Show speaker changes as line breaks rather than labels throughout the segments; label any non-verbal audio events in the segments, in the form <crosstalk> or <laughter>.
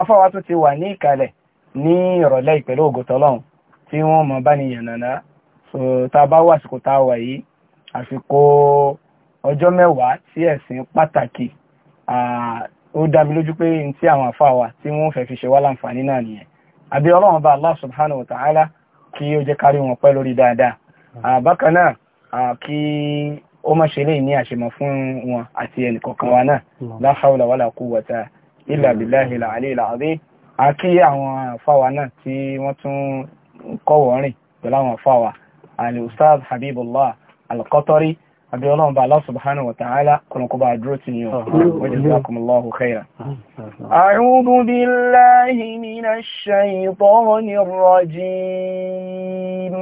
afọ́wà tó ti wà ní ìkàlẹ̀ ní ìrọ̀lẹ́ ìpẹ̀lú ògùtọ́lọ́hun tí wọ́n mọ̀ bá ní yànnàná so ta bá wà àsìkò tá a wà yìí àsìkò ọjọ́ mẹ́wàá tí ẹ̀sìn pàtàkì ó dá mi lójú pé n tí àwọn afáwà tí wọ́n fẹ́ fi ṣe wá láǹfààní náà nìyẹn àbí ọlọ́run bá Allah subhanahu wa ta'ala kí ó jẹ́ kárí wọn pẹ́ lórí dáadáa bákan náà kí ó má ṣe lè ní àṣemọ̀ fún
wọn àti ẹnìkọ̀ọ̀kan wa náà la hawla wala
ilà bíláhì
làálì làálì a kí àwọn àfáwà náà tí wọ́n tún kọ́wọ́ rìn pẹ̀lú
àwọn àfáwà al-ustaz habibullah al-qatari àbí ọlọ́run bá Allah subhanahu wa
ta'ala kọlọ̀kọba àdúró ti yíò wajazakumullahu khairan. a'udhu billahi minash shaytanir rajim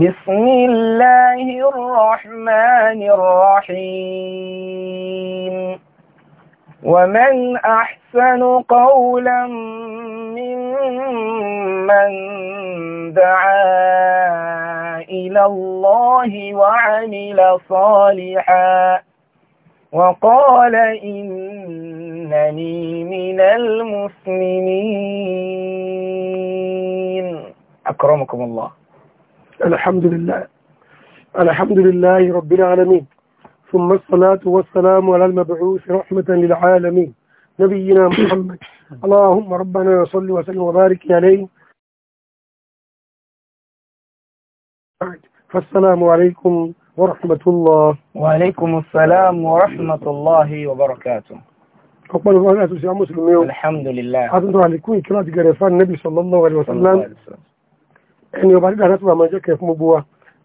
bismillahir rahmanir rahim ومن أحسن
قولا ممن دعا إلى الله وعمل
صالحا وقال إنني من المسلمين أكرمكم الله الحمد لله الحمد لله رب العالمين ثم الصلاة والسلام على المبعوث رحمة للعالمين نبينا
محمد اللهم ربنا صل وسلم وبارك عليه فالسلام عليكم ورحمة الله
وعليكم
السلام ورحمة الله وبركاته
أقبل الله أتوسع يا مسلم يوم الحمد لله على كل كلا تقرفان النبي صلى الله عليه وسلم أن يبارك على ما جاك يفهم بوا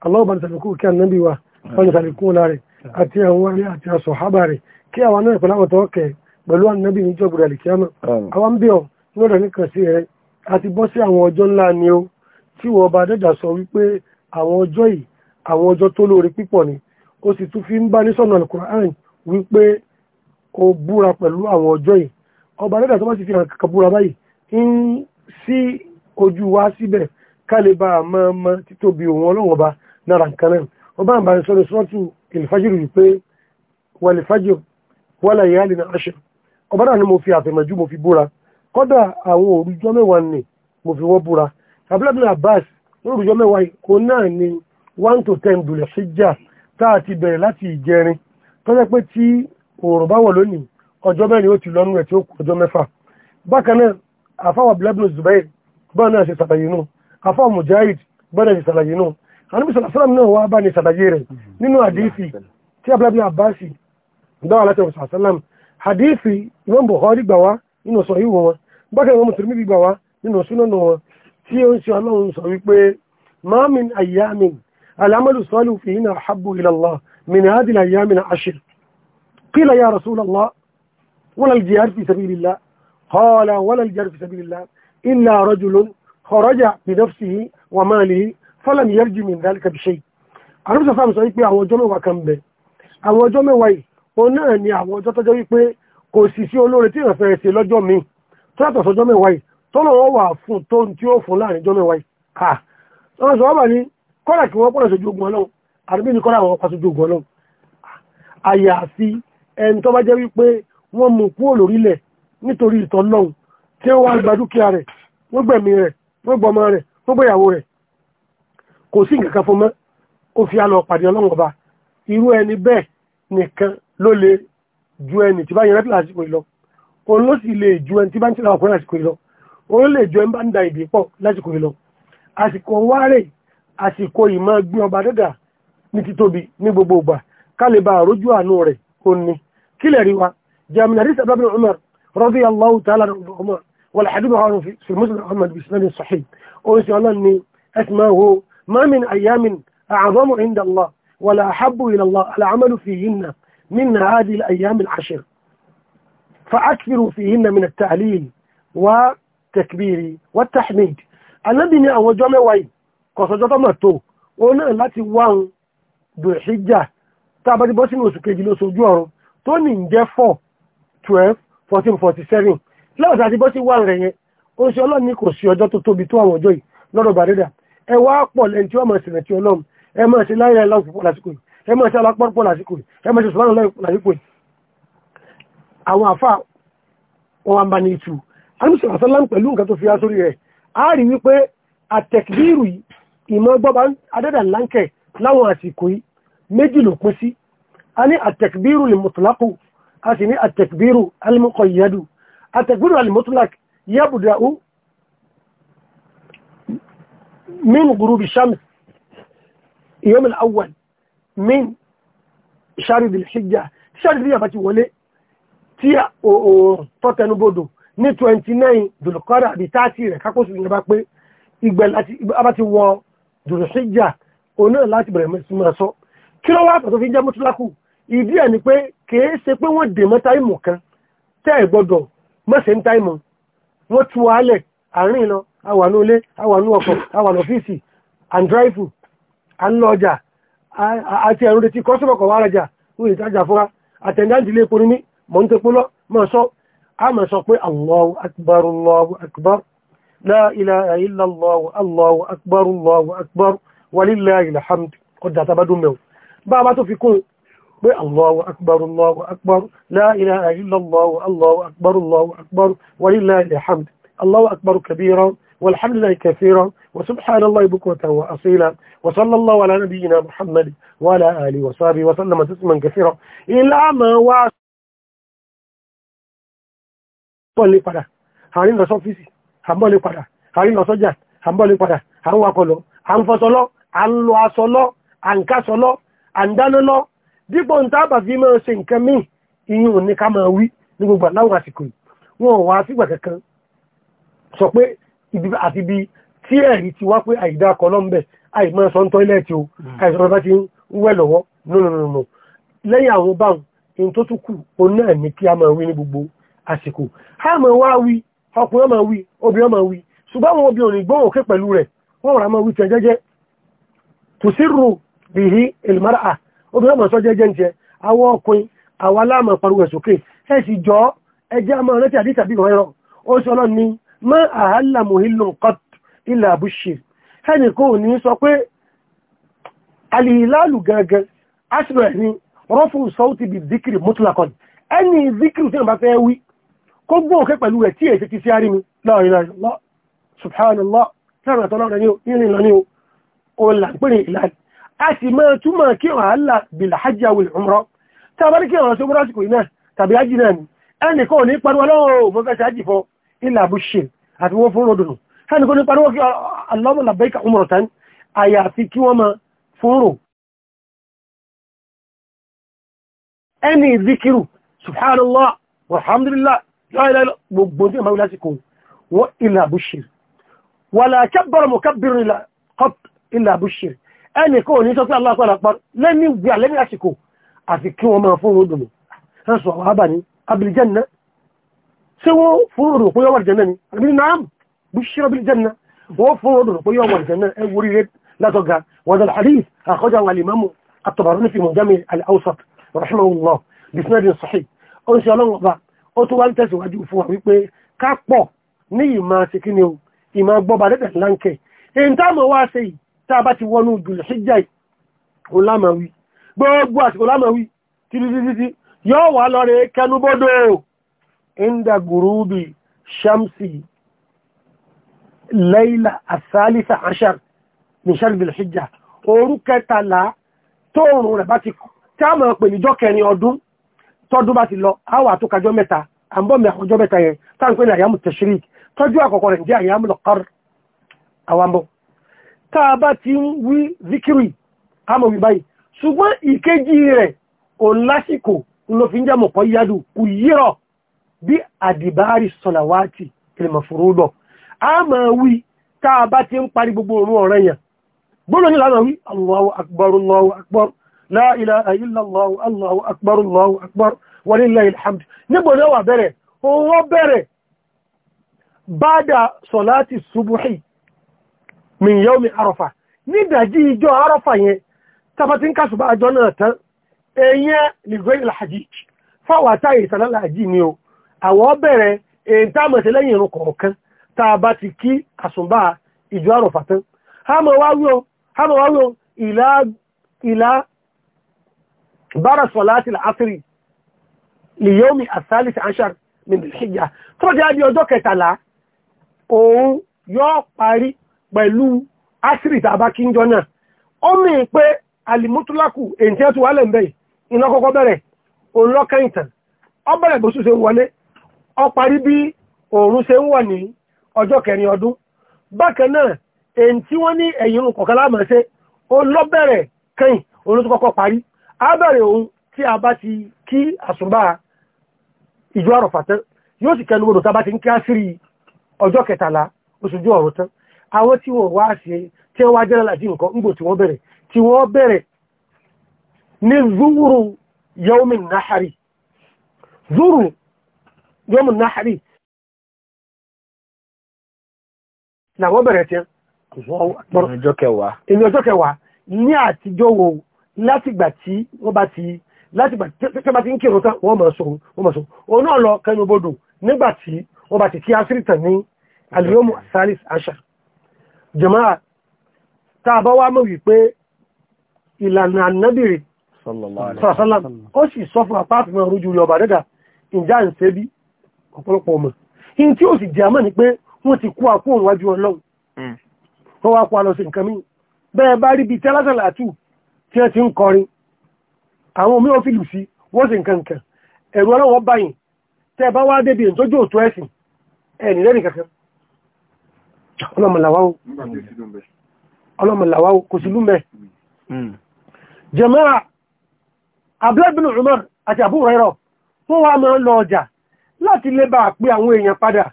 الله بارك لكم كان نبي وبارك لكم لارك àti àwọn arí àti ọ̀sọ̀ hábàrì kí àwọn náà pẹ̀lú àwọn tọ́ọ̀kẹ̀ pẹ̀lú ànábì ní ìjọba àlìkíyàmọ̀ àwọn ń bí ọ lọ́dọ̀ nìkan sí rẹ àti bọ́ sí àwọn ọjọ́ ńlá ni ó tí wọ́n bá dẹ́jà sọ wípé àwọn ọjọ́ yìí àwọn ọjọ́ tó lóore pípọ̀ ni ó sì tún fi ń bá ní sọ̀nà alukur'an wípé ó búra pẹ̀lú àwọn ọjọ́ yìí ọba dẹ́jà tó bá ti fi hàn kankan búra báyìí ń sí ojú wa síbẹ̀ ká lè ìlfàjìrì ni pé wàlìfàjìr wàlà ìyá lè àṣẹ ọba náà ni mo fi àfẹ̀mọ̀jú mo fi búra kọ́dà àwọn òrùjọ́ mẹ́wàá ni mo fi wọ́n búra abúlábìlì abbas lórúkọ mẹ́wàá kò náà ni one to ten dùlẹ̀ síjà tá a ti bẹ̀rẹ̀ láti ìjẹrin tó jẹ́ pé tí òòrùn bá wọ̀ lónìí ọjọ́ mẹ́rin ó ti lọ́nu ẹ̀ tí ó kù ọjọ́ mẹ́fà bákan náà àfáwà abúlábìlì zubair bọ́ọ̀ náà ṣe ṣàlàyé nù àfáwà mujahid bọ́ọ̀ náà ṣe ṣàlàyé nù àníbi sàlásàlám náà wá bá ní sàdàyé rẹ̀ nínú àdífì tí abúlábí àbáṣì dáwà láti ọ̀rọ̀ sàlásàlám àdífì Imam Bukhari gbà wá nínú sọ ìwò wọn bákan Imam Tirmidhi gbà wá nínú súnánà wọn tí ó ń ṣe ọlọ́run sọ wípé ma min ayyamin al-amalu salihu fihinna ahabbu ila Allah min hadhihi al-ayyamin ashr qila ya Rasulallah wala al-jihad fi sabilillah qala wala al-jihad fi sabilillah illa rajulun kharaja bi nafsihi fọ́lẹ̀m yẹ́rìjì mi ìdálẹ́kà bí ṣe àrùsọ fáàmù sọ wípé àwọn ọjọ́ mẹ́wàá kan bẹ àwọn ọjọ́ mẹ́wàá yìí òun náà ni àwọn ọjọ́ tọ́jọ́ wípé kò sì sí olóore tí ìrànfẹ́ rẹ̀ ṣe lọ́jọ́ mi tó yàtọ̀ sọjọ́ mẹ́wàá yìí tọ́lọ̀ wọn wà fún tó ń tí ó fún láàrin ọjọ́ mẹ́wàá yìí ha wọn sọ wọ́n ní kọ́lá kí wọ́n pọ̀ lọ́sọ̀jú ogun ọlọ́run àdúgbò ní kọ́lá àwọn pàṣẹjú ogun ọlọ́run àyàfi ẹni tó bá jẹ́ wípé wọ́n mú kúrò wọ́n gbẹ̀mí rẹ̀ wọ́n gbọmọ rẹ̀ wọ́n gbẹ̀yàwó rẹ̀ kò sí nǹkan fún mọ́ ó fi àlọ́ pàdé ọlọ́run ọba irú ẹni bẹ́ẹ̀ nìkan ló lè ju ẹni tí bá yẹn rẹ́pìlà àsìkò ìlọ òun ló sì lè ju ẹni tí bá ń tẹ̀lé ọkùnrin àsìkò ìlọ òun lè ju ẹni bá ń da ìdí pọ̀ lásìkò ìlọ àsìkò wáre àsìkò ìmọ̀ gbin ọba dẹ́dà ní títóbi ní gbogbo ìgbà kálíbà àrójú àánú rẹ̀ ó ní kílẹ̀ rí wa jẹ́mìnà rí sábà bin Umar radiyallahu ta'ala Umar wal hadith àwọn fi muslim ahmed bisnani sahih ó ń sọ ọlọ́ni ẹ̀sìn ما من أيام أعظم عند الله ولا أحب إلى الله العمل فيهن من هذه الأيام العشر فأكثروا فيهن من التعليل والتكبير والتحميد النبي ni àwọn ọjọ́ mẹ́wàá yìí kọ̀sọ̀jọ́ tó mọ̀ tó ó náà láti wáhùn dòṣíjà tàbí bọ́ sínú oṣù kejì lóṣù ojú ọ̀run tó ní ń jẹ́ 4 12 14 47 lọ́wọ́ tàbí bọ́ sí wáhùn rẹ̀ yẹn oṣù ọlọ́ni kò sí ọjọ́ tó tóbi tó àwọn ọjọ́ yìí lọ́dọ̀ bàrẹ́dà ẹ wá pọ̀ lẹ́yìn tí wọ́n máa ṣẹlẹ̀ tí ọlọ́run ẹ máa ṣe láyé lọ́pọ̀ lásìkò yìí ẹ máa ṣe alápọ̀pọ̀ lásìkò yìí ẹ máa ṣe sùmánù lásìkò yìí. àwọn àfà wọn wá ń bá ní ìtù alùpùpù àṣálà ń pẹ̀lú nǹkan tó fi aṣọ rí rẹ̀ a rí wípé àtẹ̀kìdírù ìmọ̀ gbọ́ba adẹ́dà láńkẹ̀ láwọn àsìkò yìí méjì ló pín sí a ní àtẹ̀kìdírù lèmọ̀tòlákù a sì ní àtẹ̀kìdírù alìmọ̀kọ̀yẹ́dù àtẹ̀kìdírù alìmọ̀tòlák yẹ́bùdà من غروب الشمس اليوم الأول من شهر ذي الحجة شهر ذي الحجة ولي تيا تتنو بودو ní 29 dùlùkọ́rà àbí 30 rẹ̀ kákó sí ìjọba pé ìgbẹ̀ láti abá ti wọ dùlùsíjà oní láti bẹ̀rẹ̀ mẹ́sìmọ̀ sọ kí ló wá pàtó fi jẹ́ mọ́túlákù ìdí ẹ̀ ni pé kìí ṣe pé wọ́n dè mọ́ táìmù kan tẹ́ ẹ̀ gbọ́dọ̀ mọ́sẹ̀ ń táìmù wọ́n tu alẹ̀ àárín lọ àwànú ilé àwànú ọkọ̀ àwànú ọ́fíìsì àndráìfù ànlọ́ọjà àti ẹ̀rùn retí kọ́sùmọ̀kọ̀ wà rajà ní ìtajà fúnra àtẹ̀ndáǹdì lè porí ní mọ̀ntẹ́pólọ́ máa sọ a máa sọ pé Allahu akbar Allahu akbar la ilaha illa Allahu Allahu akbar Allahu akbar walillahil hamd ọjà tàbádùn mẹ́wọ̀ bá a bá tó fi kún pé Allahu akbar Allahu akbar la ilaha illa Allahu Allahu akbar Allahu akbar والحمد لله كثيرا وسبحان الله بكرة وأصيلا وصلى الله على نبينا محمد وعلى آله وصحبه وسلم تسما
كثيرا إلا ما وعد lè padà àárín lọ sọ́fíìsì àbọ̀ lè padà àárín lọ sọ́jà àbọ̀ lè padà à ń wakọ̀
lọ à ń fọṣọ lọ à ń lọ aṣọ lọ à ń káṣọ lọ à ń dáná lọ dípò ń tábà fi máa ṣe nǹkan míì ìyún ní ká máa wí ní gbogbo àláwọ̀ àsìkò yìí wọn ò wá sígbà kankan sọ pé àti bí tí ẹ̀rí ti wá pé àìdá kọlọ́mbẹ̀ àìmọ́ sọ ń tọ́ílẹ̀tì o hmm. àìsàn bá ti ń wẹ̀ lọ́wọ́ nùnùnùnù lẹ́yìn àwọn báhùn in tó tún kù o náà ní kí a máa wí ní gbogbo àsìkò a máa wá wí ọkùnrin máa wí obìnrin máa wí ṣùgbọ́n àwọn obìnrin gbọ́n òkè pẹ̀lú rẹ̀ wọ́n rà máa wí tẹ jẹ́jẹ́ kò sí rò bìhí ìlmárà obìnrin sókè ẹ jọ ẹjẹ́ máa rántí àdítàbí rọ̀ ó sọ ọlọ́ni má àhálà mohilun qat ilà àbúṣe ẹnì kò ní sọ pé alìhìláàlù gangan asibẹ̀ ni rọ́fù sọ́ọ̀tì bí zikiri mutlakon ẹni zikiri tí wọ́n bá fẹ́ wí kó gbọ́n òkè pẹ̀lú rẹ̀ tí èsì ti sí àrí mi la ilaha illallah subhanallah sáàrùn àtọ́lọ́rẹ̀ ní ìrìn lọ ní òlà pèrè ìlànà a sì máa túmọ̀ kí wọ́n hálà bìlà hajj awil umra tí a bá
ní ilà bó àti wo fún ròdùnù ẹni kò ní pariwo kí Allahumma labbaika umratan aya àyàfi kí wo ma fún ani ẹni subhanallah walhamdulillah la ilaha illa
gbogbo tí a máa wí lásìkò ilà bó wala kabbara mukabbir ilà qat ila ṣe ani kò ní sọ allah ko pé aláàpá àpá lẹ́ni ìgbà lẹ́ni àsìkò àti kí wọ́n máa fún so wa ba ni abil janna ṣé wọ́n fún òdòdó pé yọ́wọ́ ìjẹ́ náà ni àbí náà bí ṣíra bí jẹ́ náà wọ́n fún òdòdó pé ìjẹ́ náà ẹ wúrí rẹ̀ látọ̀gá wọ́n الحديث أخرجه الإمام الطبراني في معجم الأوسط رحمه الله بإسناد صحيح ó ń ṣe ọlọ́run ọba ó tó wá ń tẹ̀síwájú fún wa wípé ká pọ̀ ní ìmọ̀ síkíní o ìmọ̀ gbọ́ba dẹ́tẹ̀ láńkẹ̀ èyí tá mọ̀ wá ṣe yìí tá a bá inda gurubi shamsi layla asalisa ashar ní sharbi al-hijja òru kẹtàlá tóòrùn rẹ̀ bá ti tí a mọ̀ pè níjọ́ kẹrin ọdún tọ́dún bá ti lọ àwà tó kàjọ mẹ́ta àbọ̀mí àkọjọ́ mẹ́ta yẹn táǹpé ní àyàmù tashrik tọ́jú àkọ́kọ́ rẹ̀ jẹ́ àyàmù lọ́kọ́r àwàmọ́ tá a bá ti ń wí zikiri àmọ̀ wí báyìí ṣùgbọ́n ìkejì rẹ̀ òun lásìkò ló fi ń jẹ́ mọ̀kọ́ yádù kù yírọ̀ bí àdìbárì sọ̀làwátì kìlìmọ̀fòrúdọ̀ a máa wí tá a bá ti ń parí gbogbo òun ọ̀rẹ́ yẹn gbọ́nà ní lánàá wí Allahu akbar Allahu akbar la ilaha illallah Allahu akbar Allahu akbar walillahil hamd nígbò náà wà bẹ̀rẹ̀ òun bẹ̀rẹ̀ bada sọ̀láti subuhi min yawmi arafa nídàjí ìjọ arafa yẹn tàbátí ìsànlá làjì ni o àwọn bẹ̀rẹ̀ èyí tá mọ̀ sí lẹ́yìn irun kọ̀ọ̀kan tá a bá ti kí àsùnbà ìjọ àrọ̀fà tán hámọ̀ wá wíwọ ìlà bára sọ̀láti àfírí lìyọ́mì àsálìsì àṣàr mìírìnṣíyà tó jẹ́ bí ọjọ́ kẹtàlá òun yóò parí pẹ̀lú àṣírí tàbá kíjọ náà ó mì pé alìmútúlákù èyí tí ó ti Ọ parí bí òòrùn ṣe ń wọ̀ ní ọjọ́ kẹrin ọdún bákan náà èyí tí wọ́n ní ẹ̀yìn òun kọ̀ọ̀kan láàmọ̀ ṣe ó lọ́bẹ̀rẹ̀ kẹ́yìn òun tó kọ́kọ́ parí a bẹ̀rẹ̀ ohun tí a bá ti kí àsùnbà ìjọ àrọ̀fà tán yóò sì kẹnu odò tá ti ń kí àṣírí ọjọ́ kẹtàlá ọ̀rọ̀ tán àwọn tí
yọ́mù náhàrí làwọn bẹ̀rẹ̀ tí ọjọ́ kẹwàá inú ọjọ́ kẹwàá ní àtijọ́ wo látìgbà tí wọ́n bá ti
látìgbà tí wọ́n bá ti ń kírun tán wọ́n máa sọ wọ́n máa sọ òun náà lọ kẹnu bodò nígbà tí wọ́n bá ti kí asírìtàn ní aliyomu salis asha jama'a tá a bá wá mọ̀ wípé ìlànà ànábìrì
sọ̀rọ̀sọ́lá
ó sì sọ fún apá ọ̀pọ̀lọpọ̀ ọmọ in tí ó sì jẹ́ àmọ́ ni pé wọ́n ti kú àkó òwájú ọlọ́run hmm. wọ́n wá kó a lọ sí nǹkan míì bẹ́ẹ̀ bá rí ibi tí alásàlà àtù tí wọ́n ti ń kọrin àwọn omi wọn fi lù sí wọ́n sì nǹkan nǹkan ẹ̀rù ọlọ́wọ́ báyìí tẹ́ bá wá débi ìtọ́jú òtú ẹ̀sìn
ẹ̀ nílẹ̀ nìkan kan
kò sí lúmẹ̀ jẹ̀mẹ́ra abúlé bin Umar àti Abu Hurairah wọ́n wá máa ń lọ ọjà láti lè pé àwọn èèyàn padà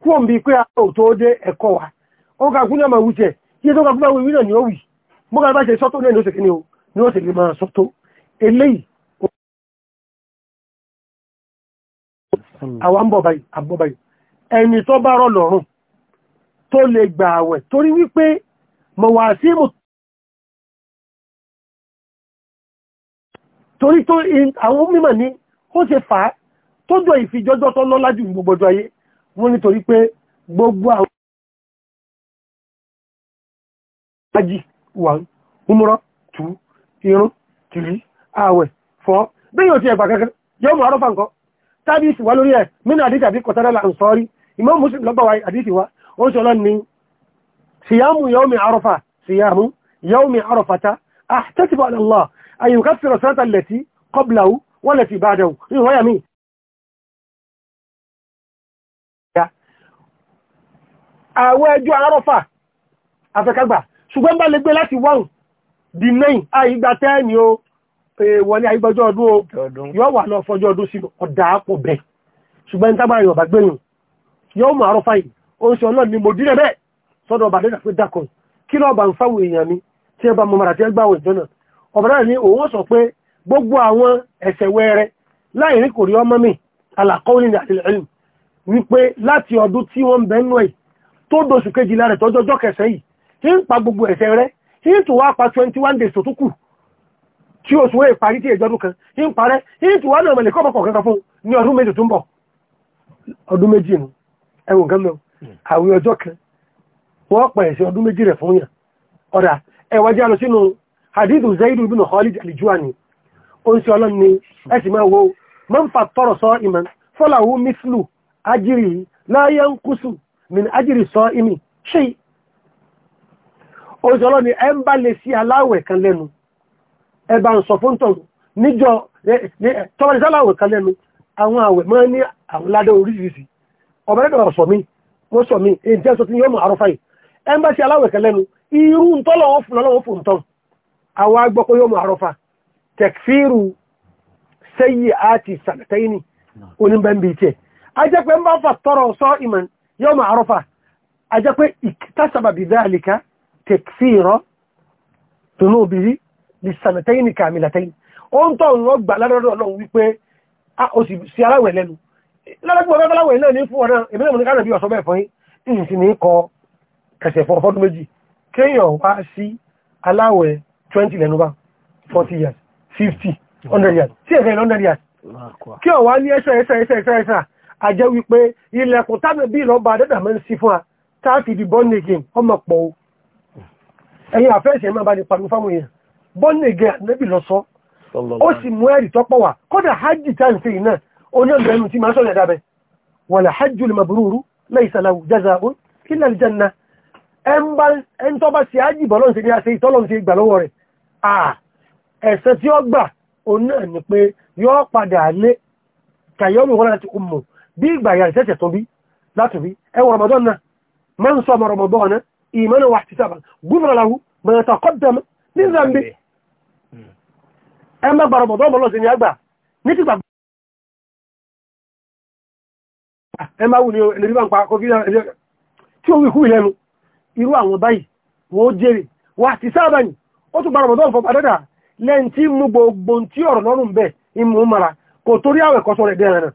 kú òun bí pé àwọn tó dé ẹ̀kọ́ wa ó ga gúnlẹ̀ máa wùjẹ̀ iye tó ga gúnlẹ̀
wí ni ó wì mọ́ bá ṣe sọ́tò ni ó o ni ó sì lè máa àwọn ń bọ̀ àbọ̀ báyìí ẹni tó bá torí wípé mọ̀ wà sí tó jọ ìfijọ́jọ́ tó lọ́lá jù gbogbo ọjọ́ ayé wọ́n nítorí pé gbogbo àwọn ajì wà múmúrọ́ tù irun tìrí ààwẹ̀ fọ́
bẹ́ẹ̀ yóò ti ẹ̀gbà kankan yóò mú àrọ́fà nǹkan tàbí ìsìwá lórí ẹ̀ mínú àdíjà bí kọ̀tẹ́rẹ́ là ń sọ rí Imam Muslim lọ́gbàwà àdíjì wa ó ṣe ọlọ́ni siyamu yawmi àrọ́fà
siyamu yawmi àrọ́fàta ahtatibu ala Allah an yukaffira sanata allati qablahu wallati ba'dahu ní ìwáyà àwẹ̀ ẹjọ́ arọ́fà afẹ́kágbà
ṣùgbọ́n bá lè gbé láti wọ́n di nine àìgbà tẹ́ẹ̀ni o wọlé àìgbọ́jọ́ ọdún o yóò wà lọ fọjọ́ ọdún sí ọ̀dà àpọ̀ bẹ̀ ṣùgbọ́n ní tábà yọ̀bà gbẹ̀yìn yóò mọ̀ arọ́fà yìí ó ń sọ náà ni mo dínlẹ̀ bẹ́ẹ̀ sọ́dọ̀ ọba dẹ́nà pé dákọ̀ kí lọ́ọ́ bá ń fáwọn èèyàn mi tí ẹ bá mọ mara tí ẹ gbà wọ̀ ìjọ́nà ọba náà ni òun sọ pé gbogbo àwọn ẹ̀ṣẹ̀ wẹ́rẹ́ láì rí kò rí ọmọ mi alàkọ́wé ní àtìlẹ́yìn wípé láti ọdún tí wọ́n ń bẹ́ẹ̀ nù ẹ̀yìn tó dóṣù kejìlá rẹ̀ tọ́jọ́jọ́ kẹsẹ̀ yìí tí ń pa gbogbo ẹ̀ṣẹ̀ rẹ̀ tí ń tó wá pa 21 days tó tún kù tí oṣù wé parí tí ìjọdún kan ń parẹ́ ń tí wà náà mẹ́lẹ̀ kọ́bọ̀kọ̀ kankan fún ní ọdún méjì tó ń bọ̀ ọdún méjì nù ẹwùn gan mẹ́wọ̀n àwẹ̀ ọjọ́ kan wọ́n pẹ̀ ẹ̀sẹ̀ ọdún méjì rẹ̀ fún yàn ọ̀dà ẹwà jẹ́ lọ sínú hadith zaidu ibn khalid alijuani ó ń ṣe ọlọ́run ni ẹ sì máa wo man fa tọrọ sọ ìmọ̀ fọláwù mislu ajiri láyé ń kúsù min ajiri sọ imi ṣe òjòlọ́ ni ẹ ń bá lè sí aláwẹ̀ kan lẹ́nu ẹ bá ń sọ fún tọ̀rù níjọ tọ́wọ́dé sáláwẹ̀ kan lẹ́nu àwọn àwẹ̀ mọ́ ní àwọn ládé oríṣiríṣi ọ̀bẹ̀rẹ̀dọ̀ sọ mí wọ́n sọ mí èyí jẹ́ sọ tí yóò mọ̀ àrọ́fà ń bá fà tọrọ sọ ìmọ̀ يوم عرفة أجاب اكتسب بذلك تكفير ذنوبه للسنتين كاملتين òun tó ń lọ gbà ládọ́dọ́ ọlọ́run wípé ó sì sí aláwẹ̀ lẹ́nu lọ́dọ́gbọ́n bẹ́ẹ̀ aláwẹ̀ náà ní fún ọ̀nà ìbílẹ̀ mọ̀ ní kánàbí ọ̀sọ́ bẹ́ẹ̀ fún yìí sì ní kọ kẹsẹ̀ fún 20 lẹ́nu bá 40 years 50 100 years 100 years kí ọ̀wá ní ẹ̀ṣẹ̀ ẹ̀ṣẹ̀ ẹ̀ṣẹ̀ ẹ̀ṣẹ̀ a jẹ́ wípé ilẹ̀kùn tábẹ̀ bí ìlọ́ba adẹ́dà mẹ́ ń sí fún wa táàfi di born again ọmọ pọ̀ o ẹ̀yin àfẹ́ẹ̀sẹ̀ máa bá ní pàmí fáwọn èèyàn born again nẹ́bì lọ sọ ó sì mú ẹ̀rì tọ́pọ̀ wà kódà hajj táwọn fi iná onígbẹ̀ẹ́nu tí máa sọ̀rọ̀ ẹ̀dá bẹ́ wala hajjul mabruru laysa lahu jazaa'un illa al-janna ẹn tọ́ bá sí ájì ní a ṣe tí bí ìgbà ya ìṣẹ́ṣẹ̀ tó bí láti bí ẹwọ Ramadan na, ma ń sọmọ Ramadan na ìmọ́nà wà ti sábà gúnmọ̀ láwú
mẹ́ta ní zambi ẹ mẹ́gbà Ramadan mọ́lọ́ sí ni àgbà ní ti gbà ẹ máa wù ní ẹlẹ́bí bá ń pa kọfí tí ti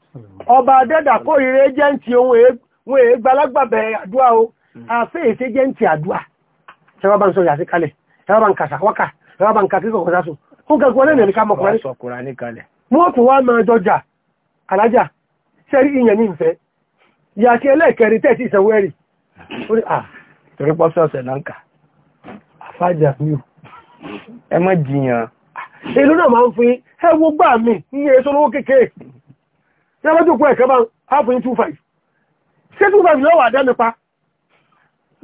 ọba adẹ́dà kórìíra ẹ́jẹ̀ǹtì
ohun èégbàlágbàbẹ̀ àdúrà o àfẹ́ hmm. èsì ẹ́jẹ̀ǹtì àdúrà ṣẹwà bá ń sọ yàtí kalẹ̀ ṣẹwà bá ń kàṣà wákà ṣẹwà bá ń kàkí kọ̀kọ̀ sásùn ó gẹ̀gọ́ lẹ́nà ní ká
mọ̀kùnrin
wọ́n tún wá máa dọjà alájà sẹ́rí ìyẹn ní ìfẹ́ yàtí ẹlẹ́ẹ̀kẹrin tẹ́ẹ̀tì ìṣẹ̀wẹ́rì torí pọ́sọ̀ọ̀sẹ̀ náà ń kà fájà mi ò ẹ má jiyàn èlú náà máa ń fi ẹwọ gbà mí ní èso lówó kékeré tí a bá jòkó ẹ̀kẹ́ bá ápùn 25 ṣé 25 lọ́wọ́ àdá nípa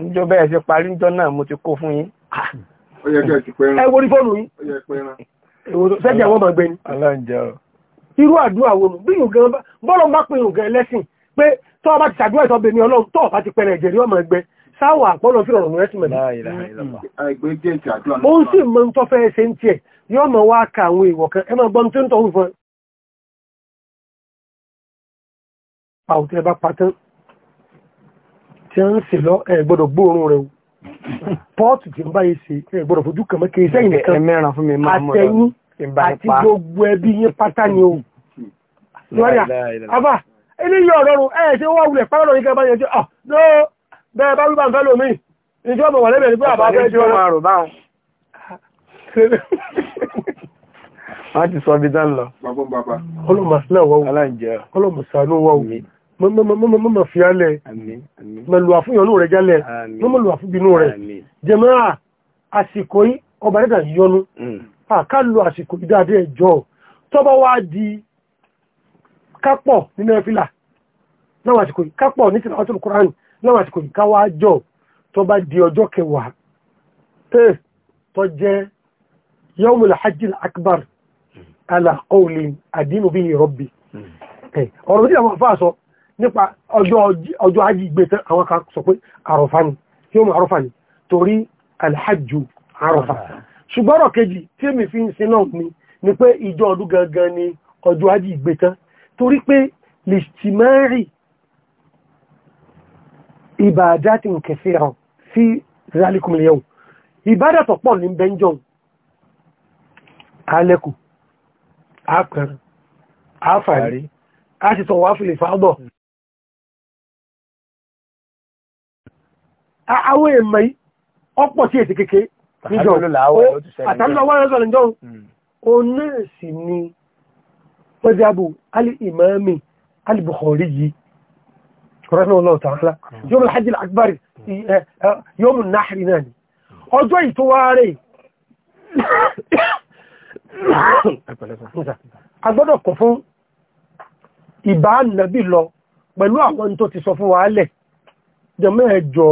níjọ bẹ́ẹ̀ ṣe parí níjọ náà mo ti kó fún yín
ah. ẹwọ́ rí
fóònù yín sẹ́jì àwọn ọmọ ọgbẹ́ni irú àdúrà wo nù bí yòókàn bọ́lọ̀ bá pe yòókàn ẹlẹ́sìn pé tọ́ ọba ti ṣàdúrà ìtọ́ bèmí ọlọ́run tọ́ ọba ti pẹ̀lẹ̀ ẹ̀jẹ̀rí ọmọ ẹgbẹ́ sáwọ̀ àpọ́lọ̀ sí ọ̀rọ̀ rẹ̀ sí mẹ́lẹ̀
ó ń sì mọ́ ń tọ́fẹ́ ṣe ń tiẹ̀ yọ́ mọ̀ wá ka àwọn èèwọ̀ kan ẹ máa gbọ́n tó ń tọ́ fún pa òtí ẹ bá pa tán tí ń sì lọ ẹ gbọ́dọ̀ gbóòórùn rẹ̀ o pọ́ọ̀tù
tí ń bá yìí ṣe ẹ gbọ́dọ̀ fojú kàn mọ́ kí iṣẹ́ ìnìkan àtẹ̀yìn àti gbogbo ẹbí yín pátá ni o. lọ́yà abá eléyìí ọ̀rọ̀ rùn ẹ̀ ṣe wọ́n wulẹ̀ pàrọ̀ yìí kẹ́bá yẹn ṣe ọ̀ ah, ló bẹ́ẹ̀ bá wíwá nǹkan lómi ìjọ ọmọ wà lẹ́bẹ̀ẹ́ ní pé àbá fẹ́ jọ
<laughs> wọ́n ti sọ bí mọ́mọ́
fi alẹ̀ mọ́lùwà fún ìyọnú rẹ̀ jálẹ̀ mọ́mọ́lùwà fún ìbínú rẹ̀ jẹmọ́ra àsìkò yí ọba dẹ́dà yọnu àkálù mm. àsìkò ìdáadé ẹjọ́ tọ́bọ́ wá di kápọ̀ nínú ẹfìlà láwọn àsìkò yìí kápọ̀ ní ti àwọn Kùránì láwọn àsìkò yìí káwá jọ tọ́bá di ọjọ́ kẹwàá tẹ́ tọ́ jẹ́ yawmul hajjil akbar mm. ala qawlin adinu bihi rabbi mm. ọ̀rọ̀ tí àwọn afáàsọ nípa ọjọ́ ajì gbẹ̀tẹ́ àwọn kan sọ pé àrọ̀fà ni yóò mú àrọ̀fà ni torí alhajju àrọ̀fà ṣùgbọ́rọ̀ kejì tí èmi fi ń sin náà ni ni pé ìjọ ọdún gangan ni ọjọ́ ajì gbẹ̀tẹ́ torí pé lìstìmẹ́rì ìbàdàtì kẹfìràn sí zalikumilẹ́wò ìbádàtọ̀ pọ̀ ní bẹ́ńjọ́n alẹ́kù
àpẹẹrẹ àfàrí a ti sọ wá fìlè fàádọ̀ àwọn èèmọ̀ yìí ọ̀pọ̀ sí èsì kéke níjọ àtàlọ́wọ́ ẹ̀rọ níjọ oní èsì ni
pẹ́jábù alì ìmọ̀ẹ́mì alì Bukhari yìí rọ́nà ọlọ́ọ̀tà ńlá yóò mú hajjil akbar yóò mú náhìrì náà ni ọjọ́ ìtọ́wárẹ̀ <coughs> agbọ́dọ̀ kọ̀ fún ìbá nàbí lọ pẹ̀lú àwọn tó ti sọ fún wa lẹ̀ jẹ́mọ́ ẹjọ́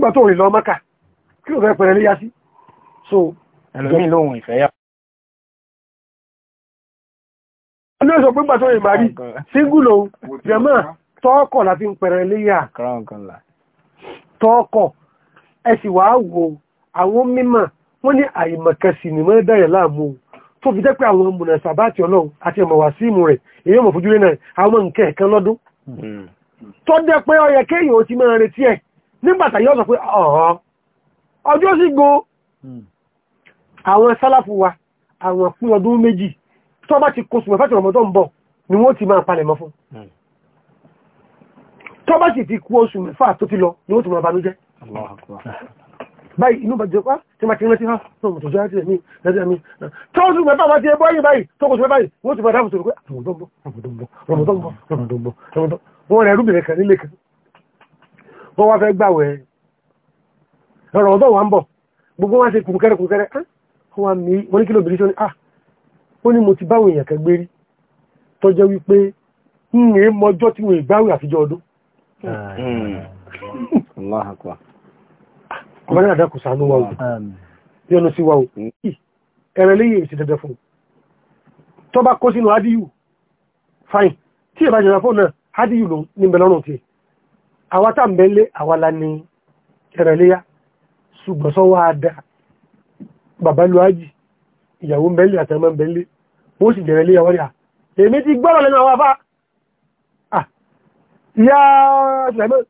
nígbà tó rìn lọ mọ́kà
kí ló fẹ́ pẹ̀rẹ̀ léyà sí so ẹlòmí lóhun ìfẹ́yà ọdún ẹ̀sọ̀ pé gbàtọ́ ìgbà rí síngúlò jẹ́mọ́ tọ́ọ̀kọ̀ láti ń pẹ̀rẹ̀ léyà tọ́ọ̀kọ̀ ẹ sì
wá wo àwọn mímọ̀ wọ́n ní àìmọ̀kẹsì ni mọ́ bẹ̀rẹ̀ láàmú tó fi jẹ́ pé àwọn mùnà sàbáàtì ọlọ́run àti ẹ̀mọ̀ wá sí ìmú rẹ̀ èyí mọ̀ fojúlé nígbàtà yóò sọ pé ọ̀họ́ ọjọ́ sí go hmm. àwọn sálàfù wa àwọn pín ọdún méjì tó bá ti kóṣù mẹ́fà tí ọmọdọ́ ń bọ̀ ni wọ́n ti máa palẹ̀mọ́ fún hmm. tó bá sì ti kú oṣù mẹ́fà tó ti lọ ni wọ́n ti máa banújẹ́ báyìí inú bàjẹ́ pá tí ma ti rántí ha tó mọ̀ tó jẹ́ àti ẹ̀mí láti ẹ̀mí tó oṣù mẹ́fà bá ti ẹbọ́ ẹ̀yìn báyìí tó kóṣù mẹ́fà wọ́n ti máa dáàbò sọ̀rọ̀ pé ọmọdọ́ ń bọ̀ ọmọdọ́ ń bọ̀ ọmọdọ́ ń bọ̀ ọmọdọ́ ń bọ̀ wọ́n wá fẹ́ gbàwẹ̀ ọ̀rọ̀ ọ̀dọ́ wa ń bọ̀ gbogbo wá sí kùnkẹ́rẹ́ kùnkẹ́rẹ́ ah, wọ́n mi wọ́n ní kílò ah, ní à ó ní mo ti báwọn èèyàn kẹgbé rí tọ́jọ́ wípé ń rè mọjọ́ tí wọ́n ìgbáwẹ̀ àfijọ́ ọdún ọmọdé àdákù sàánú wa òun yọnu sí wa òun ẹ̀rẹ̀ fine tí ìbájẹ̀ fóònù náà adíyù lòun ní bẹ̀lọ́rùn tiẹ̀ àwa tá ń bẹ́lé àwa la ní ẹ̀rẹ̀léyá ṣùgbọ́n sọ́wọ́ àdá bàbá lu ájì ìyàwó ń bẹ́lé àtẹ̀mọ́ ń bẹ́lé ó sì jẹ̀rẹ̀léyá wọ́n rí à èmi ti gbọ́rọ̀ lẹ́nu àwọn afá ìyá ṣùgbọ́n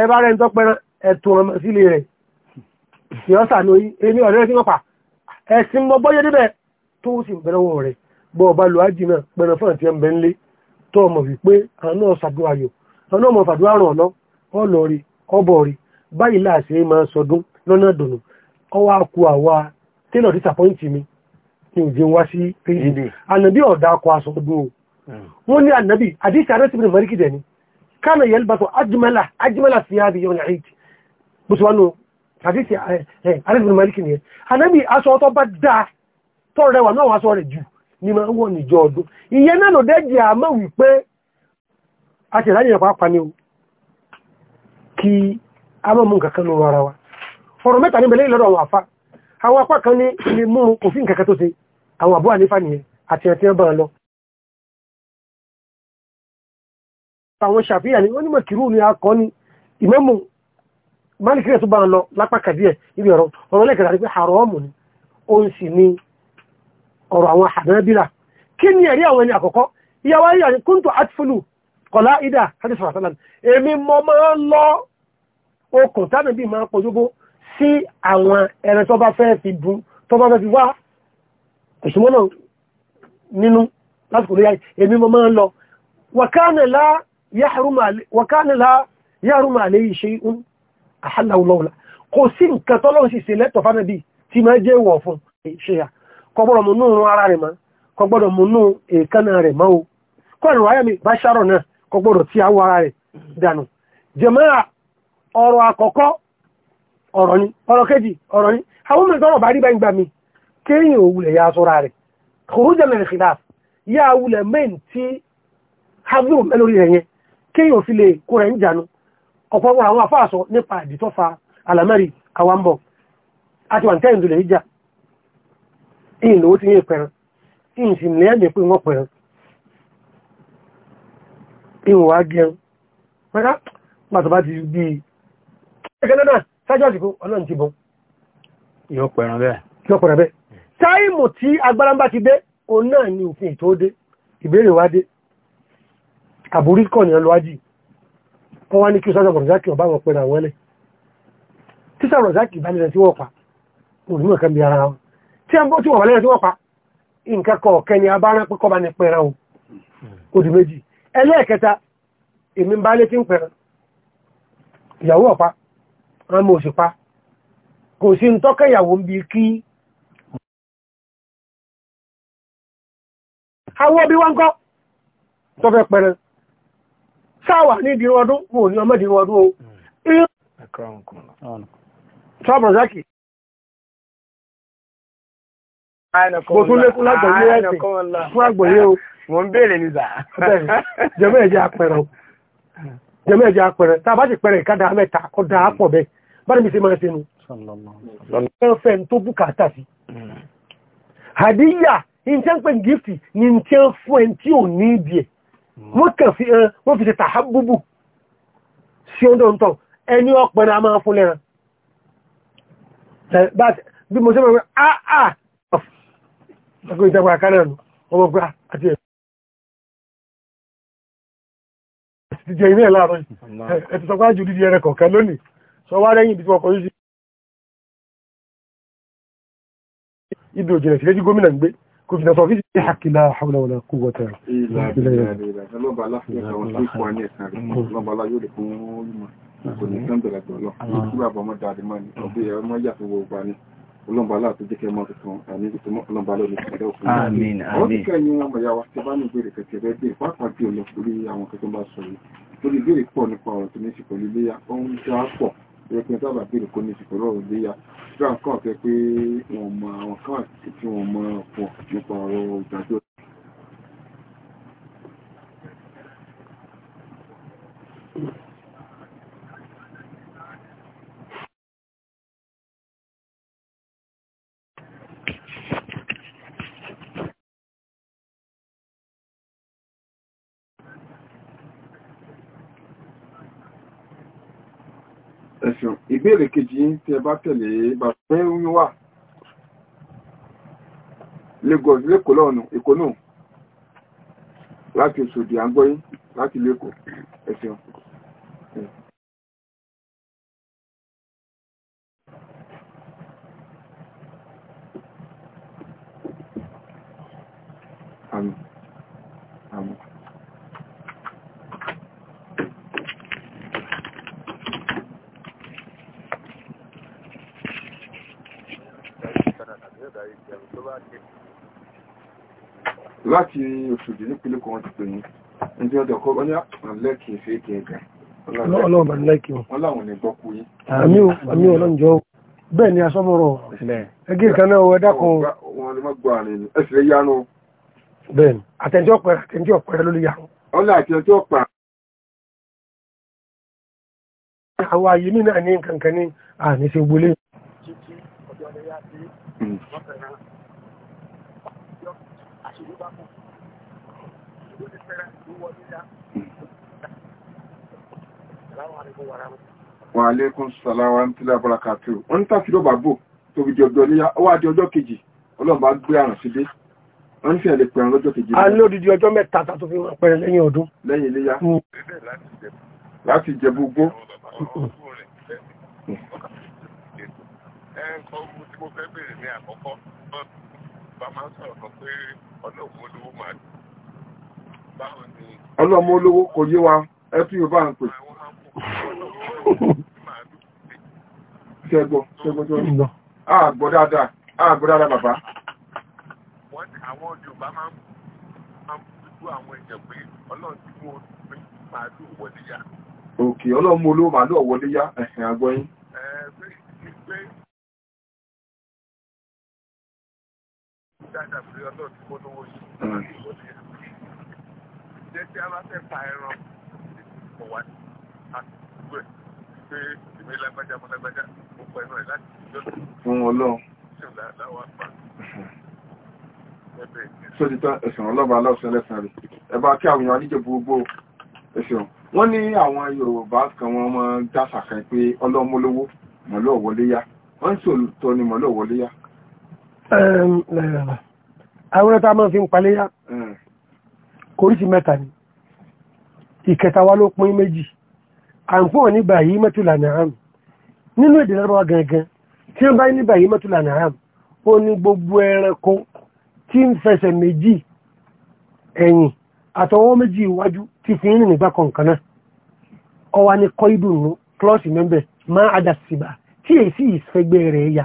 ẹ bá rẹ̀ ń tọ́ pẹ́rẹ́ ẹ̀tù ọmọ sílé rẹ̀ tí sí ọlọ́mọ fàdúrà ràn ọ̀nà ọlọ́rí ọbọ̀rí báyìí láàṣẹ máa sọdún lọ́nà dùnú ọwọ́ akú àwa tẹ́lọ̀ disappoint mi kí n jẹ́ wá sí péjì ànàbí ọ̀dà akọ aṣọ ọdún o hmm. wọ́n ní ànàbí àdíṣẹ́ ni kánà yẹlbàtọ̀ ajmala fi sí àbí a ṣe láyé ẹ̀fà pa ní o kí a mọ́ mú nǹkankan lórí ara wa
ọ̀rọ̀ mẹ́ta ní belẹ́ lọ́dọ̀ àwọn àfá àwọn apá kan ní ilé mú òfin nǹkankan tó ṣe àwọn àbúwà nífà nìyẹn àti ẹ̀tí ọba lọ àwọn ṣàfihàn ni a kọ́ ní ìmọ̀mù máàlìkìrẹ̀ tó bá lọ lápá
kàdíẹ̀ ibi ọ̀rọ̀ ọ̀rọ̀ lẹ́kẹ̀rẹ̀ àti pé àrọ́ọ̀mù ni ó ń sì ní ọ̀rọ̀ àwọn àdánábìlà kí ni ẹ̀rí àwọn ẹni àkọ́kọ́ ìyàwó ayé kọ̀lá ìdá hadith rasalan èmi mọ́ máa ń lọ okùn tàbí bí máa ń pojúgbó sí àwọn ẹran tó bá fẹ́ fi dùn tó bá fẹ́ fi wá ìṣúmọ́nà nínú lásìkò lóyá èmi mọ́ máa ń lọ wàkánilá yárùmà lè ṣe ń àhàláwùlọ́wùlá kò sí nǹkan tọ́lọ́run sì ṣe lẹ́tọ̀ fánàbí tí máa jẹ́ ìwọ̀ fún ṣe à kọgbọ́dọ̀ mú nú ara rẹ̀ mọ́ kọ́ ìrọ̀ bá ṣàrọ̀ náà kò gbọ́dọ̀ tí a wọ ara rẹ̀ dànù jẹ̀mọ́ra ọ̀rọ̀ àkọ́kọ́ ọ̀rọ̀ ni ọ̀rọ̀ kejì ọ̀rọ̀ ni àwọn mẹ́rin bá rí bá ń gbà mí kéyìn òwúlẹ̀ ya sọ́ra rẹ̀ kòrújẹ mẹ́rin khilaf ya wulẹ̀ mẹ́rin tí hafiru mẹ́lórí rẹ̀ yẹn kéyìn òfin lè kó rẹ̀ ń jànú ọ̀pọ̀ wọn àwọn afáàsọ nípa àdìtọ́fà alamẹ́rì awambo àti wàǹtẹ́yìn tó lè jà ìyìn lówó ti yẹ pẹ̀rẹ̀ ìyìn sì lẹ́yìn pé wọ́n pẹ̀rẹ̀ ìwọ̀n wá gẹun pẹ́ká pàtàkì bá ti bí i ẹgbẹ́ náà sájọ́ àsìkò ọlọ́run ti bọ́n yóò pẹ̀ràn bẹ́ẹ̀ táìmù tí agbára bá ti dé o náà ni òfin tó dé ìbéèrè wá dé àbúrí kọ̀ ní ọlọ́wájì wọ́n wá ní kí sọ́jọ́ bọ̀rọ̀zákì ọba wọn pẹ̀rẹ̀ àwọn ẹlẹ́ tí sọ́jọ́ bọ̀rọ̀zákì bá nílẹ̀ tí wọ́n pa òun ní ọ̀kan bí ara wọn ni abárán pẹ́kọ́ bá pẹ̀rẹ̀ ẹlẹ́ẹ̀kẹta
èmi bá lé tí ń pẹ̀rẹ̀ ìyàwó ọ̀pá ọmọ òṣìpá kò sí ń tọ́kẹ́ ìyàwó ń bí kí àwọn òbí wọ́n kọ́ tó pẹ̀rẹ̀ sáwà ní ìdírun ọdún mò ní ọmọ ìdírun ọdún o mo ń béèrè ní sà. jẹ́mọ́ ẹ̀jẹ̀ apẹ̀rẹ̀
jẹ́mọ́ ẹ̀jẹ̀ apẹ̀rẹ̀ tá a bá ti pẹ̀rẹ̀ ká dáa mẹ́ta kọ́ dáa pọ̀ bẹ́ẹ̀ bára mi ṣe máa ṣe nu. lọ́nà fẹ́ ń tó sí. àdíyà ìjẹ́pẹ̀ gíftì ni ń tẹ́ fún ẹni tí ò ní ìdí ẹ̀ wọ́n kàn fi hàn eh, wọ́n fi ṣe tàhá búbù sí ọdọ̀ ń ẹni ọpẹ̀rẹ̀ a máa fún lẹ́ran.
bí mo ṣe máa ń gbé ah ah ọkùnrin ìjọba kanáà ọmọ ọgbà àti ẹ̀ díjẹ ilé ẹ̀ láàárọ̀ yìí ẹ̀ ti sọ pé àjù díjẹ rẹ̀ kọ̀ọ̀kan lónìí sọ wá rẹ́yìn ibi tí wọ́n kọ yìí sí. ibi òjìnlẹ̀ sílẹ̀ tí gómìnà ń gbé kò fìdá sọ fí sí àkìlá àwọn kú wọ́tà rẹ̀.
Mm ọlọ́mbà aláàtò jẹ́ kẹ́ máa tuntun àní ìtumọ̀ ọlọ́mbà aláàtò ìpínlẹ̀ òkú. àmín àmín. àwọn kíkẹ́ ni ọmọ ìyá bá ní di ọ̀lọ́ torí àwọn kẹ́kẹ́ bá sọ yìí torí ìbéèrè pọ̀ nípa ọ̀rọ̀ tó ní ṣe pẹ̀lú iléyà ó ń já pọ̀ bẹ́ẹ̀ pé sábà béèrè kó ní ṣe pẹ̀lú ọ̀rọ̀ iléyà Thank you. ẹ̀sùn ìbéèrè kejì tí ẹ bá tẹ̀lé bàbá ń wà Lagos lẹ́kọ̀ọ́ lọ́nà èkó náà láti Òṣòdì àgbọ́yé láti lẹ́kọ̀ọ́ ẹ̀sùn láti Òṣòdì nípínlẹ̀ kan ti pè ní ẹjọ́ ọdọ̀ kọ́ ọ́nà lẹ́kì fèékì ẹ̀gà ọlọ́ọ̀bà lẹ́kì wọn láwọn ní gbọ́kú yí àmì
ọlọ́njọ́ bẹ́ẹ̀ ni asọ́mọ̀rọ̀
ẹgbẹ́ ìkan náà ẹ̀dá kan wọn lè má gbọ́ àrìn ẹsẹ̀ yánú
bẹ́ẹ̀ àtẹ̀jọ́ pẹ̀rẹ̀ àtẹ̀jọ́ pẹ̀rẹ̀ lórí yàrá
ọlọ́ àtẹ̀jọ́ pẹ̀rẹ̀ àwọn òṣèlú bá mú ló ti fẹ́ràn ló wọlé dá. Wa alaikum salaam wa rahmatullahi wa barakatuh. Wọ́n ń tàfi lọ́bàá gbò tó fi di ọjọ́ níyà, ó wá di ọjọ́ kejì, ọlọ́run bá gbé àrùn sílé wọ́n ń fi ẹ̀lẹ́ pẹ̀rún lọ́jọ́ kejì. a ní odidi ọjọ́ mẹ́ta tó fi wọ́n pẹ̀rẹ̀ lẹ́yìn ọdún. lẹ́yìn iléyá hmm. láti jẹ̀bú gbó. ẹ̀ẹ́kọ́ ogun tí mo fẹ́ bèèrè ní àkọ́kọ́ bá máa ń sọ̀rọ̀ kan pé ọlọ́mọ olówó máa báwo ni. ọlọ́mọ olówó kò yé wa ẹ fi yorùbá ń pè. ṣẹ́gbọ́n ṣẹ́gbọ́n tó ń lọ. àgbọ̀ dáadáa àgbọ̀ dáadáa bàbá. àwọn yorùbá máa ń dúdú àwọn èèyàn pé ọlọ́run tí mo fi màálù wọlé yá. òkè ọlọ́mọ olówó màálù ọ̀wọ́lé yá ẹ̀hìn àgbọ̀yìn.
dáadáa pé ọlọ́run ti kó
lówó yìí hmm. ó ti jẹ́ tí a bá fẹ́ pa ẹran kò wá àtúgbò ẹ̀ pé ìwé lágbájá mọ́ lágbájá ó pọ̀ ẹran ẹ̀ láti ìjọ tó fún ọlọ́run ṣùgbọ́n aláwọ̀ apá sódítọ́ ẹ̀sùn ọlọ́ba aláwọ̀sán lẹ́sàn rẹ̀ ẹ bá kí àwọn èèyàn gbogbo ẹ̀sùn wọ́n ní àwọn Yorùbá kan wọ́n mọ́ dásàkà pé ọlọ́mọlówó mọ̀lọ́wọ́léyá wọ́n ń sòtọ́ ni mọ̀lọ́wọ́léyá àwọn
ẹta máa fi ń paléyá hmm. kòrísì mẹ́ta ni ìkẹta wá ló pín méjì àǹfóò ní bàyí mẹ́tùlà náàm nínú èdè lọ́rọ̀ gangan tí ó bá ní bàyí mẹ́tùlà náàm ó ní gbogbo ẹranko tí ń fẹsẹ̀ méjì ẹ̀yìn àtọwọ́ méjì iwájú ti fi ń rìn nígbà kọ̀ọ̀kan náà ọwa ni kọ́ ìdùnnú klọ́ọ̀sì mẹ́bẹ̀ máa adàsìbà tí èsì
ìfẹ́gbẹ́ rẹ̀ ya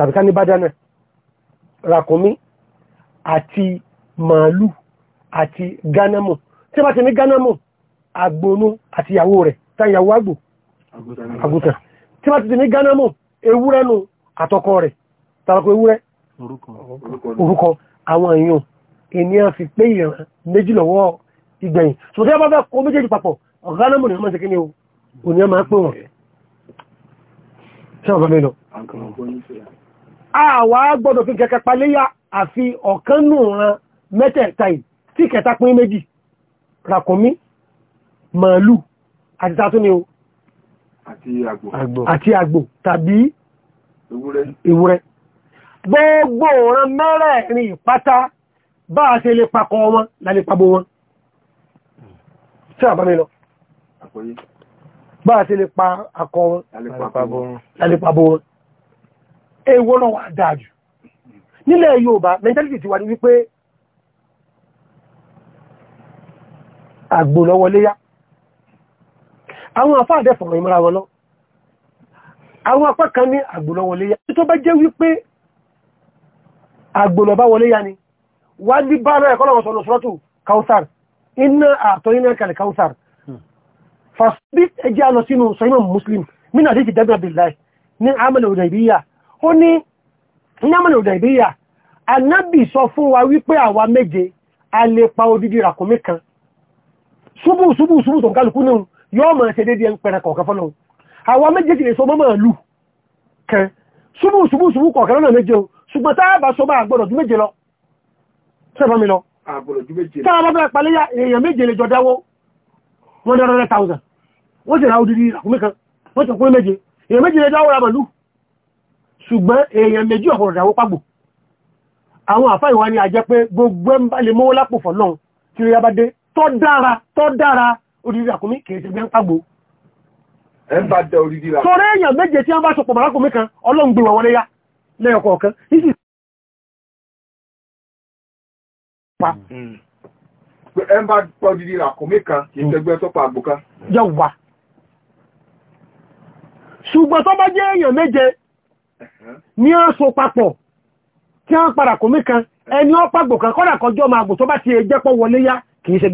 tàbí ká ní bádánà ràkúnmí àti màálù àti gánámù tí bá ti ní gánámù àgbónú àti ìyàwó rẹ̀ táyàwó àgbò àgùtàn tí bá ti ní gánámù ewúrẹ́nu àtọkọ rẹ̀ tàbí ewúrẹ́ orúkọ àwọn èèyàn ènìyàn fi pé ìran méjì lọ́wọ́ ìgbẹ̀yìn so tí a bá fẹ́ kó méjèèjì papọ̀ ọ̀gánámù ni wọ́n máa ṣe kí ni o òní a máa pè wọ́n tí wọ́n bá mẹ́lọ àwà gbọ́dọ̀ fi kẹkẹ paléyà àfi ọ̀kan nù ran mẹ́tẹ̀ẹ̀ta yìí tí kẹta pín méjì ràkúnmí màálù àti tàtúni o àti àgbò tàbí ewúrẹ́ gbogbo ọ̀ràn mẹ́rẹ̀ẹ̀rin ìpátá bá a ṣe lè pakọ wọn lálẹ́ pàbó wọn tí a bá mi lọ bá a ṣe lè pa akọ wọn lálẹ́ pàbó wọn èwo náà wà dájú nílẹ̀ Yorùbá mentality ti wà ní wípé àgbò lọ́wọ́ léyá àwọn àfáàdẹ́ fọ̀rọ̀ ìmọ́ra wọn lọ àwọn apá kan ní àgbò lọ́wọ́ léyá tó bá jẹ́ wípé àgbò lọ́bá wọlé yá ni wà ní bá rẹ̀ ẹ̀kọ́ lọ́wọ́ sọ̀rọ̀ sọ́tù Kausar iná àtọ́ iná Kausar fasbí ẹjẹ́ lọ sínú sọ́yìnmọ̀ Muslim mínà àdíjì dábìlá ní àmàlẹ̀ òdàbíyà ó ní nyamani òdàìbíyà anábì sọ fún wa wípé àwa méje a lè pa odidi ràkúnmí kan ṣubú ṣubú ṣubú tó ń kálukú náà yóò máa ṣe dédé pẹ̀rẹ̀ kọ̀ọ̀kan fọ́nà àwa méjèèjì lè so mọ́ máa lù kan ṣubú ṣubú ṣubú kọ̀ọ̀kan lọ́nà méje o ṣùgbọ́n tá a bá so máa gbọ́dọ̀ ju méje lọ sẹ́fọ́ mi lọ thousand wọ́n sì ra odidi ràkúnmí kan wọ́n sì kún méje ṣùgbọ́n èèyàn méjì ọ̀pọ̀rọ̀ ìdáwó pàgbò àwọn àfáà ìwá ni a jẹ́ pé gbogbo ẹmbá lè mọ́wọ́ lápò fọ̀lọ́n tí rí abádé tọ́ dára tọ́ dára odidi àkúmí
kèèṣe gbẹ́ ń pàgbò sọ́rọ̀ èèyàn méje tí wọ́n bá sọpọ̀ màrákùnmí kan ọlọ́run gbé wọlé yá lẹ́yọkọ̀ọ̀kan
hmm. ẹmbá pọ̀ didi àkúmí kan kì í tẹgbẹ́ hmm. sọ́pọ̀ àgbò kan ṣùgbọ́n tó bá jẹ́ èèyàn méje
ní ó so papọ̀ tí wọ́n padà kò mí kan ẹni pàgbò kan kọ́dà kọjọ́ máa gbò tó bá ti ẹjẹ́ wọlé yá kìí
ṣe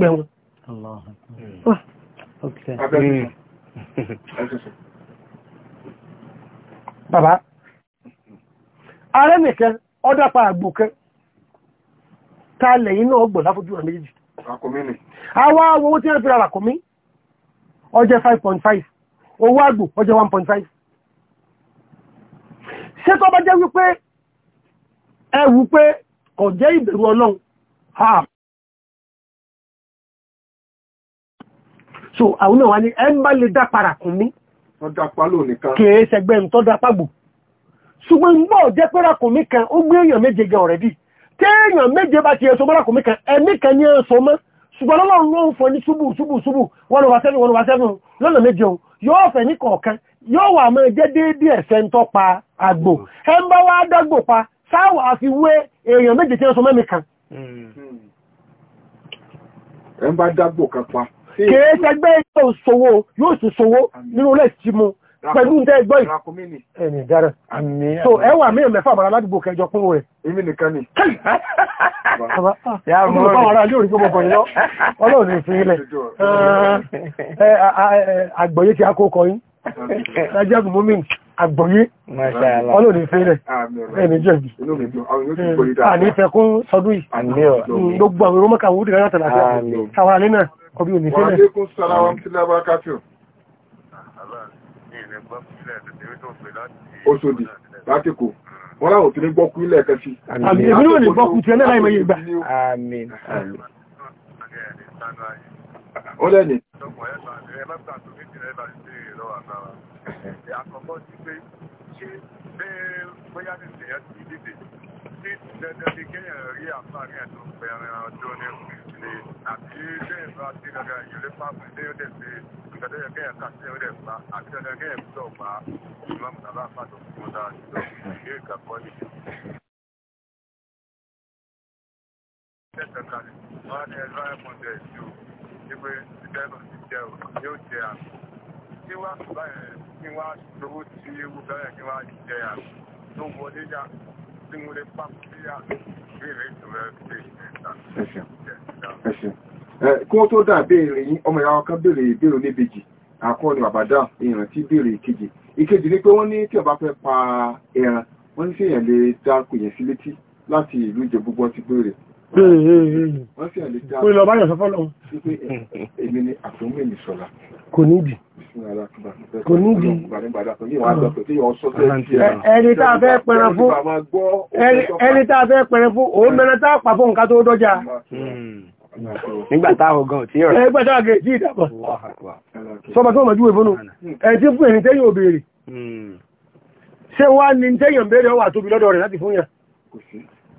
bàbá
ààrẹ nìkan ọdápa àgbò kan tààlẹ̀ iná ọgbọ̀ láfojú rẹ̀ méjì owó tí wọ́n fi ra 5.5 owó àgbò ọjẹ́ 1.5
ṣé tó bá jẹ́ wípé ẹwù pé kọ̀ jẹ́ ìbẹ̀rù ọlọ́run ha so àwọn náà ẹ lè para kùn mí kèé sẹgbẹ́
ṣùgbọ́n ń bọ̀ jẹ́ pé kan ó gbé méje gan ọ̀rẹ́dì téèyàn méje bá ti ẹ̀ṣọ́ kan ẹ̀mí kan ní ẹ̀ṣọ́ mọ́ ṣùgbọ́n lọ́lọ́run ló ń fọ ní ṣubú ṣubú ṣubú 107 107 lọ́nà méje yóò ní yóò wà mọ́ jẹ́ déédé ẹ̀sẹ̀ ń tọ́pa dágbò pa sáwọ̀ èèyàn méje tí ó sọ mẹ́mi kan
ẹ ń bá dágbò kan pa kèé tẹgbẹ́ yóò sowó yóò sì sowó nínú ilé mo
pẹ̀lú ǹdẹ́ ẹgbọ́ yìí ẹni dára so ẹ Ajagun Momin àgbọ̀yé
ọlọ́dún ìfẹ́lẹ̀ ẹni jẹ́bi. Àní
fẹ́ kún sọdún yìí. Mm, gbogbo àwọn èrò mọ́kà wúdìí rárá tàbí àwọn alẹ́ náà kọbí òní fẹ́lẹ̀.
Oṣòdì láti kò wọ́n láwọn tí ní gbọ́kú ilẹ̀ ẹ̀kẹ́ sí. Àmì ìbínú ò ní gbọ́kú ti ẹlẹ́láìmọ̀ yìí gbà. Àmín. Àmín ó lẹ́ni. Thank you pé dẹ́bà ti jẹ o yóò jẹ àmì kí wá báyẹn kí wá lówó tí ewu bẹ́ẹ̀ kí wá jẹ àmì tó wọlé yá tí béèrè yín ọmọ ìyá ọkàn béèrè ìbéèrè oníbejì àkọ́ ni bàbádà ìrántí béèrè ìkejì ìkejì ni pé wọ́n ní tí ọba fẹ́ pa ẹran wọ́n ní sí èèyàn lè dá kò yẹn sí létí láti ìlú Ìjẹ̀bú gbọ́n ti béèrè Kò lọ báyọ̀ sọ́fọ́lọ́. Kò nídì. Kò nídì. Ẹni tá a fẹ́ pẹran fún, ẹni
tá a fẹ́ pẹran fún, òun mẹ́rin tá a pà fún nǹkan tó
dọ́jà. Nígbàtá ọgán tí ọ̀rọ̀. Nígbàtá ọgán tí ìdàbọ̀. Sọ́bà tó mọ̀jú ìfúnnù, ẹni tí hmm. fún ẹni tẹ́yìn òbèrè. Ṣé
wá ní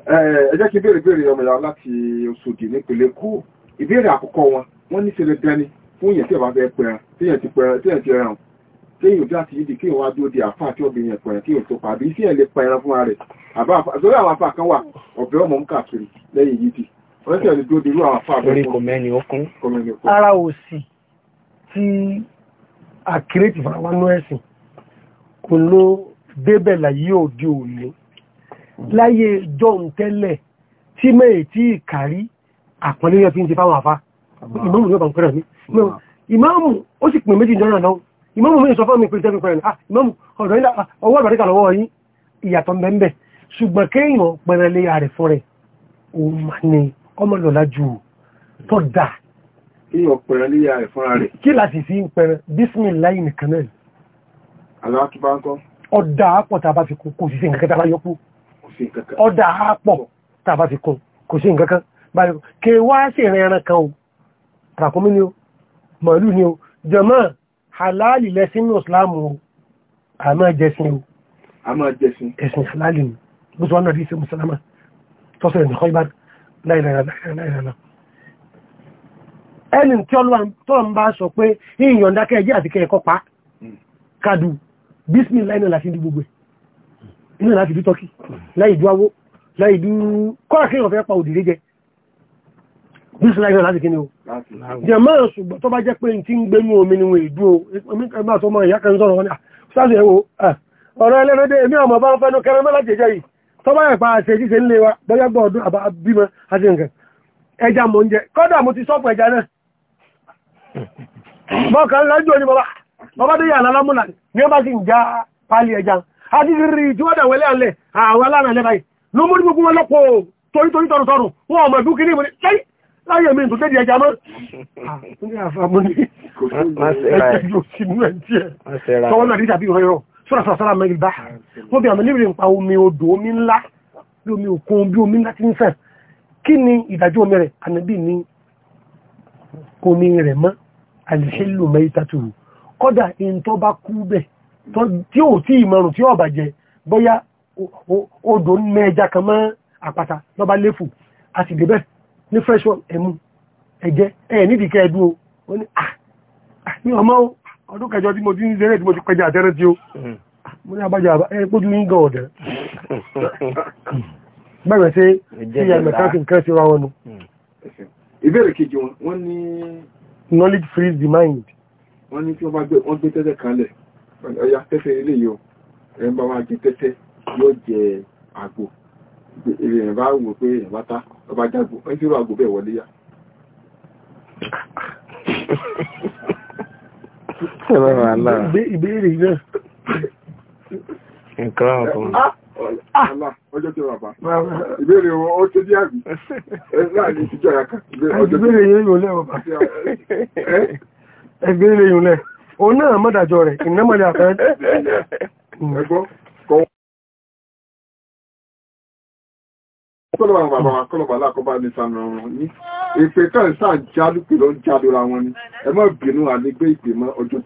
Eh, ẹ jẹ́ kí béèrè béèrè ọmọ ìyá láti Oṣòdì nípínlẹ̀ Èkó ìbéèrè àkọ́kọ́ wọn wọ́n ní ṣẹlẹ̀ dání fún yẹn tí ẹ̀ bá fẹ́ pẹran téèyàn ti pẹran téèyàn ti ẹran téèyàn bí láti yídi kéèyàn wá dúró di àfa àti ọbìnrin ẹ̀pọ̀ ẹ̀ kéèyàn tó pa àbí sí ẹ̀ lè pa ẹran fúnra rẹ̀ àbá àtòrí àwọn afa kan wà ọ̀bẹ ọmọ ń káàkiri lẹ́yìn yídi wọ́n sì ẹ̀ lè dúró di irú àwọn afa àbẹ̀ fún kọmẹ́ni ọkùn ara
òsì tí àkírètì fara wá nú ẹ̀sìn kò ló débẹ̀ láyé òde láyé john tẹ́lẹ̀ tí mẹ́ẹ̀ tí ìkàrí àpọ̀lẹ́ yọ fi ń ti fáwọn àfá ìmáàmù yóò bá ń pẹ́rẹ̀ ní ìmáàmù ó sì pè méjì jọ́nà náà ìmáàmù mẹ́rin sọ fún mi pé jẹ́ pẹ́rẹ̀ ah ìmáàmù ọ̀dọ̀ ilá ọwọ́ àbáríkà lọ́wọ́ yìí ìyàtọ̀ mẹ́mbẹ̀ ṣùgbọ́n kéèyàn pẹ̀rẹ̀lẹ̀ ààrẹ fún rẹ̀ ó mà ní ọmọ lọ́la ju tó dà kí láti fi ń pẹ̀rẹ̀ bísmìláì nìkan náà ọ̀dà àpọ̀ta bá fi kò sí sí nǹkan kẹta bá ọ̀dà àpọ̀ tàbá fi kún kò sí nǹkankan báyìí kí wá sí ìrìn ẹran kan o ràkúnmí ni o màálù ni o jàmá halali lẹ́sìn ìsìláàmù o àmọ́ jẹ́sìn o
àmọ́ jẹ́sìn
ẹ̀sìn halali ni bó ti wọ́n náà rí sí mùsùlùmá tọ́sọ̀ ìdíkọ́ ibá láìláìláìláìláìlá ẹni tí ọlọ́wà tó ń bá sọ pé ìyọ̀ndákẹ́ ẹjẹ́ àti kẹ́ ẹ̀kọ́ pa hmm. kádù bísmìláìnà láti dí gbogbo ẹ̀ inú láti dú tọ́kì láì dú awó láì dú kọ́ra kí èèyàn fẹ́ pa òdìrí jẹ bí sí láìsàn láti kíni o jẹ̀mọ́ ṣùgbọ́n tó bá jẹ́ pé tí ń gbé ní omi ni wọ́n èdú o ẹgbẹ́ àtọmọ ìyá kan sọ̀rọ̀ wọn ah, sáàsì ẹ̀wò ah, ọ̀rọ̀ ẹlẹ́rẹ́dẹ́ èmi ọmọ bá ń fẹ́ kẹrẹ mọ́ láti ẹ̀jẹ̀ yìí tó bá yẹ̀pa àṣẹ ṣíṣe ńlé wa bọ́yá gbọ́ ọdún àbá bímọ àti nǹkan ẹja mò ń jẹ kọ́dà mo ti sọ́pọ̀ ẹja náà mọ́ kan lọ́jọ́ ni bàbá bàbá dé yà lálámúlà ní ọba sì ń já pálí ẹja adìrìrì tí wọ́n dàwẹ́lẹ́ alẹ́ àwọn aláàrẹ̀ alẹ́ báyìí ló mú ní gbogbo wọn lọ́pọ̀ torítorí tọrọ tọrọ wọn ọmọ ìdúkì ní ìmúni láyé láyé mi ìtúté di ẹja mọ́ kí ni ìdájọ́ omi rẹ̀ ànàbí ní omi rẹ̀ mọ́ àlìṣẹ́lù mẹ́ta tòrò kọ́dà in tó bá kú bẹ́ẹ̀ tí ò tí ìmọ̀rùn tí ó bàjẹ́ bóyá odò ní ẹja kan mọ́ àpáta lọ́ba léfù a sì débẹ̀ ní fresh one ẹ̀mú ẹ̀jẹ́ ẹ̀ nídìí kẹ́ẹ̀dú o ó ní àmì ah, ah, ọmọ ọdún kẹjọ tí mo ti ń zẹ́rẹ̀ tí mo ti pẹja àtẹ́rẹ́ tí ó hmm. ah, mo ní abájá ẹ pójú ní gan ọ̀dẹ̀ bẹ̀rẹ̀ sí
sí ẹ̀mẹ̀káfí
nǹkan sí <laughs> ra wọn
nu. Hmm. ìbéèrè kejì wọn ní.
knowledge freeze the mind.
wọ́n ní tí wọ́n bá gbé wọ́n gbé tẹ́tẹ́ kalẹ̀ ọ̀yà tẹ́tẹ́ ilé yọ ẹ̀ ń bá wá jẹ tẹ́tẹ́ yóò jẹ àgbò èrè bá wò pé bá ọba jágbò ẹ̀ tí ó àgbò bẹ́ẹ̀ wọlé yá ìbéèrè wọn ah! ah! ó tó láàrin
ìyàká
o náà mọ́dàjọ rẹ̀ ìnámọ̀lẹ̀ àfẹ́ kọ́lọ̀bà bàbá wa kọ́lọ̀bà alákọ̀ọ́bà ní sànà ọ̀rọ̀ ní ìpè kan sáà jálù pè ló ń jálù ra wọn ni ẹ má bínú àlégbé ìpè mọ́ ọjọ́ tí